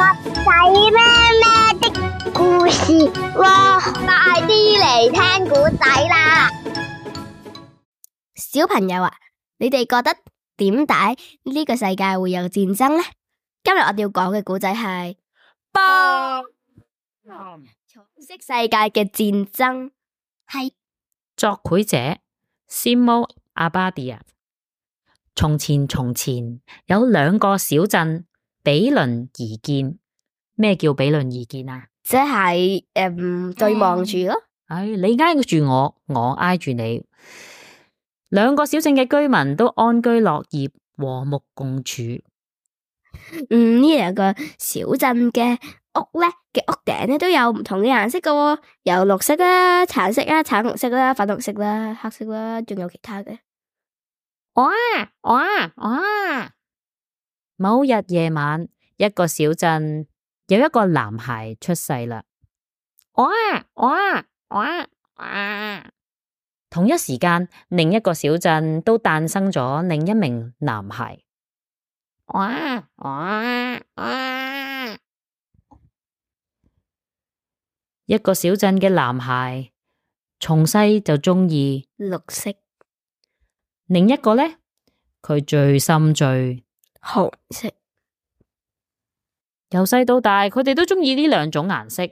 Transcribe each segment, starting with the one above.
仔咩咩的故事，哇！快啲嚟聽古仔啦，小朋友啊，你哋覺得點解呢個世界會有戰爭呢？今日我哋要講嘅古仔係《BOOM！色彩世界嘅戰爭》，係作繪者，Ximo Abadia 啊！從前從前有兩個小鎮。比鄰而建，咩叫比鄰而建啊？即係誒、嗯，對望住咯。哎，你挨住我，我挨住你。兩個小鎮嘅居民都安居樂業，和睦共處。嗯，呢兩個小鎮嘅屋咧嘅屋頂咧都有唔同嘅顏色噶，有綠色啦、橙色啦、橙紅色啦、粉紅色啦、黑色啦，仲有其他嘅。哇哇哇！某日夜晚，一個小鎮有一個男孩出世啦！哇哇哇哇！同一時間，另一個小鎮都誕生咗另一名男孩。哇哇哇！一個小鎮嘅男孩從細就鍾意綠色，另一個呢？佢最心醉，紅色，由細到大，佢哋都鍾意呢兩種顏色。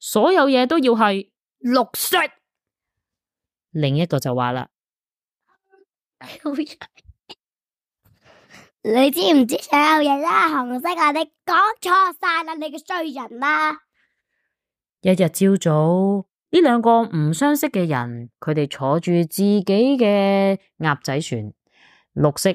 所有嘢都要係綠色。另一個就話啦： 你知唔知所有嘢都係紅色啊？你講錯晒啦，你、啊、個衰人啦！一日朝早，呢兩個唔相識嘅人，佢哋坐住自己嘅鴨仔船，綠色。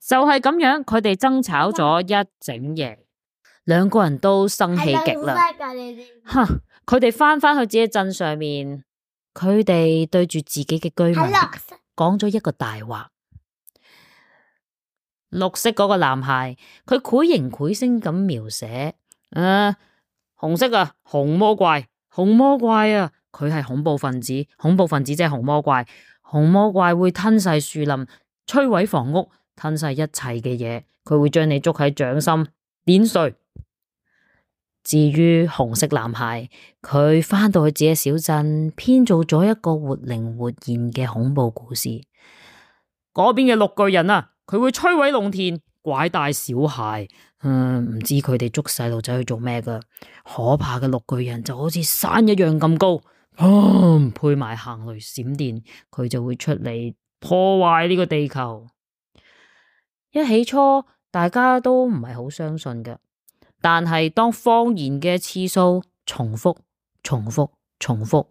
就係咁樣，佢哋爭吵咗一整夜，兩個人都生氣極啦。佢哋翻返去自己鎮上面，佢哋對住自己嘅居民講咗一個大話。 綠色嗰個男孩，佢繪形繪聲咁描寫：，誒、呃，紅色啊，紅魔怪，紅魔怪啊，佢係恐怖分子，恐怖分子即係紅魔怪，紅魔怪會吞噬樹林。摧毀房屋、吞噬一切嘅嘢，佢會將你捉喺掌心碾碎。至於紅色男孩，佢返到去自己小鎮，編造咗一個活靈活現嘅恐怖故事。嗰邊嘅綠巨人啊，佢會摧毀農田、拐帶小孩。嗯、唔知佢哋捉細路仔去做咩㗎？可怕嘅綠巨人就好似山一樣咁高，啊、配埋行雷閃電，佢就會出嚟。破壞呢個地球，一起初大家都唔係好相信嘅，但係當謊言嘅次數重複、重複、重複，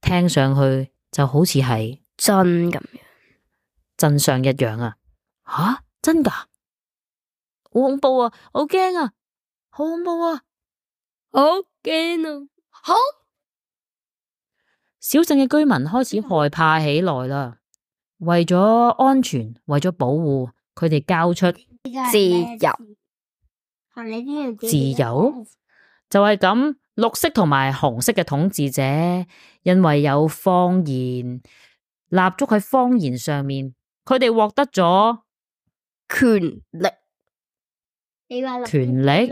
聽上去就好似係真咁樣，真相的一樣啊！吓，真噶，好恐怖啊，好驚啊，好恐怖啊，好驚啊，好、啊！小鎮嘅居民開始害怕起來啦。為咗安全，為咗保護，佢哋交出自由。自由？就係咁，綠色同埋紅色嘅統治者，因為有謊言，立足喺謊言上面，佢哋獲得咗權力。權力。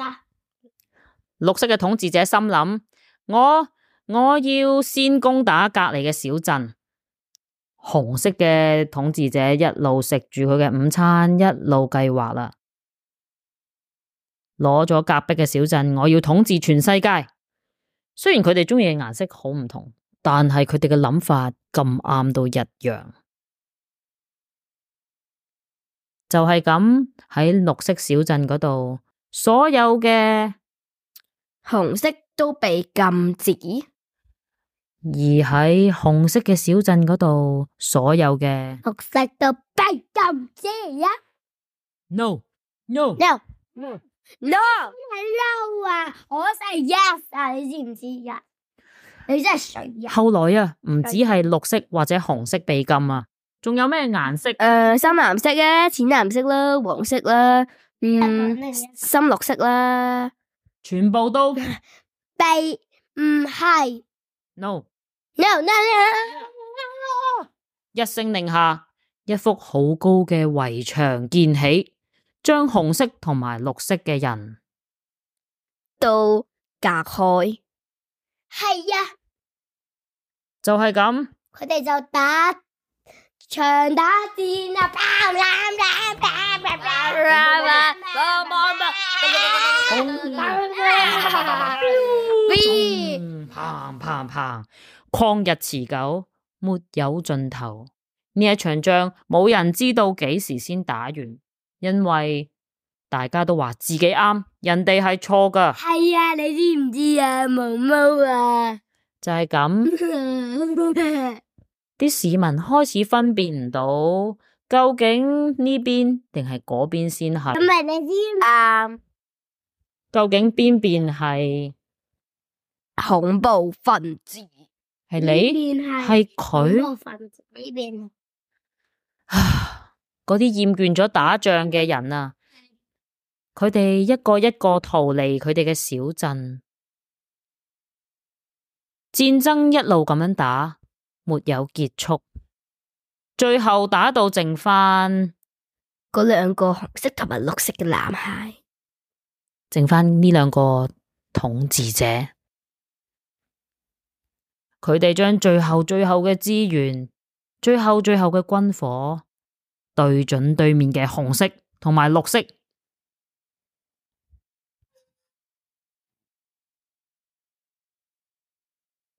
綠色嘅統治者心諗：我我要先攻打隔籬嘅小鎮。紅色嘅統治者一路食住佢嘅午餐，一路計劃喇。攞咗隔壁嘅小鎮，我要統治全世界。雖然佢哋鍾意嘅顏色好唔同，但係佢哋嘅諗法咁啱都一樣。就係咁喺綠色小鎮嗰度，所有嘅紅色都被禁止。而喺紅色嘅小鎮嗰度，所有嘅綠色都被禁止呀！No，no，no，no，no，係嬲啊！我係 yes 啊，你知唔知呀？你真係傻呀！後來啊，唔止係綠色或者紅色被禁啊，仲有咩顏色？誒，深藍色啊，淺藍色啦，黃色啦，嗯，深綠色啦，全部都被唔係。No. no no no no，一聲令下，一幅好高嘅圍牆建起，將紅色同埋綠色嘅人都隔開。係啊呀，就係咁，佢哋就打。戰打戰啊，砰砰砰砰砰砰砰！媽媽媽，砰砰砰砰砰！曠日持久，沒有盡頭。呢一場仗，冇人知道幾時先打完，因為大家都話自己啱，人哋係錯㗎。係啊，你知唔知啊，毛毛啊？就係咁。啲市民開始分辨唔到究竟呢邊定係嗰邊先係。咁咪你知啦。究竟邊邊係、嗯、恐怖分子？係你？邊係？係佢他？啊邊，嗰啲厭倦咗打仗嘅人啊，佢哋一個一個逃離佢哋嘅小鎮。戰爭一路咁樣打。沒有結束，最後打到剩返嗰兩個紅色同埋綠色嘅男孩，剩返呢兩個統治者，佢哋將最後最後嘅資源、最後最後嘅軍火對準對面嘅紅色同埋綠色，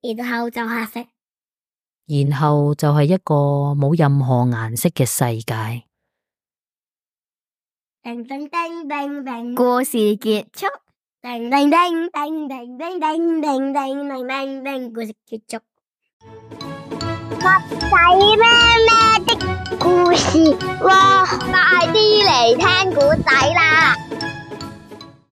然後就黑色。然後就係一個冇任何顏色嘅世界。叮叮叮叮叮，故事結束。叮叮叮叮叮叮叮叮叮叮叮，故事結束。襪仔咩咩的故事？哇，快啲嚟聽古仔啦！